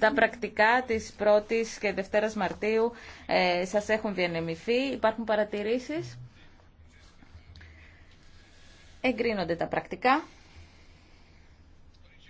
Τα πρακτικά της 1ης και 2ης Μαρτίου ε, σας έχουν διανεμηθεί. Υπάρχουν παρατηρήσεις. Εγκρίνονται τα πρακτικά.